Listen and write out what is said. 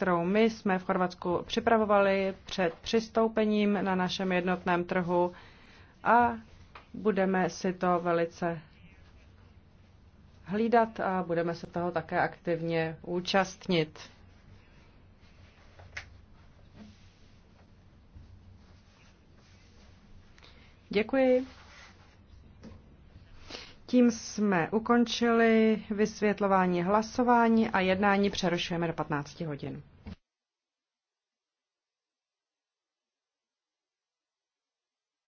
kterou my jsme v Chorvatsku připravovali před přistoupením na našem jednotném trhu a budeme si to velice hlídat a budeme se toho také aktivně účastnit. Děkuji. Tím jsme ukončili vysvětlování hlasování a jednání přerušujeme do 15 hodin.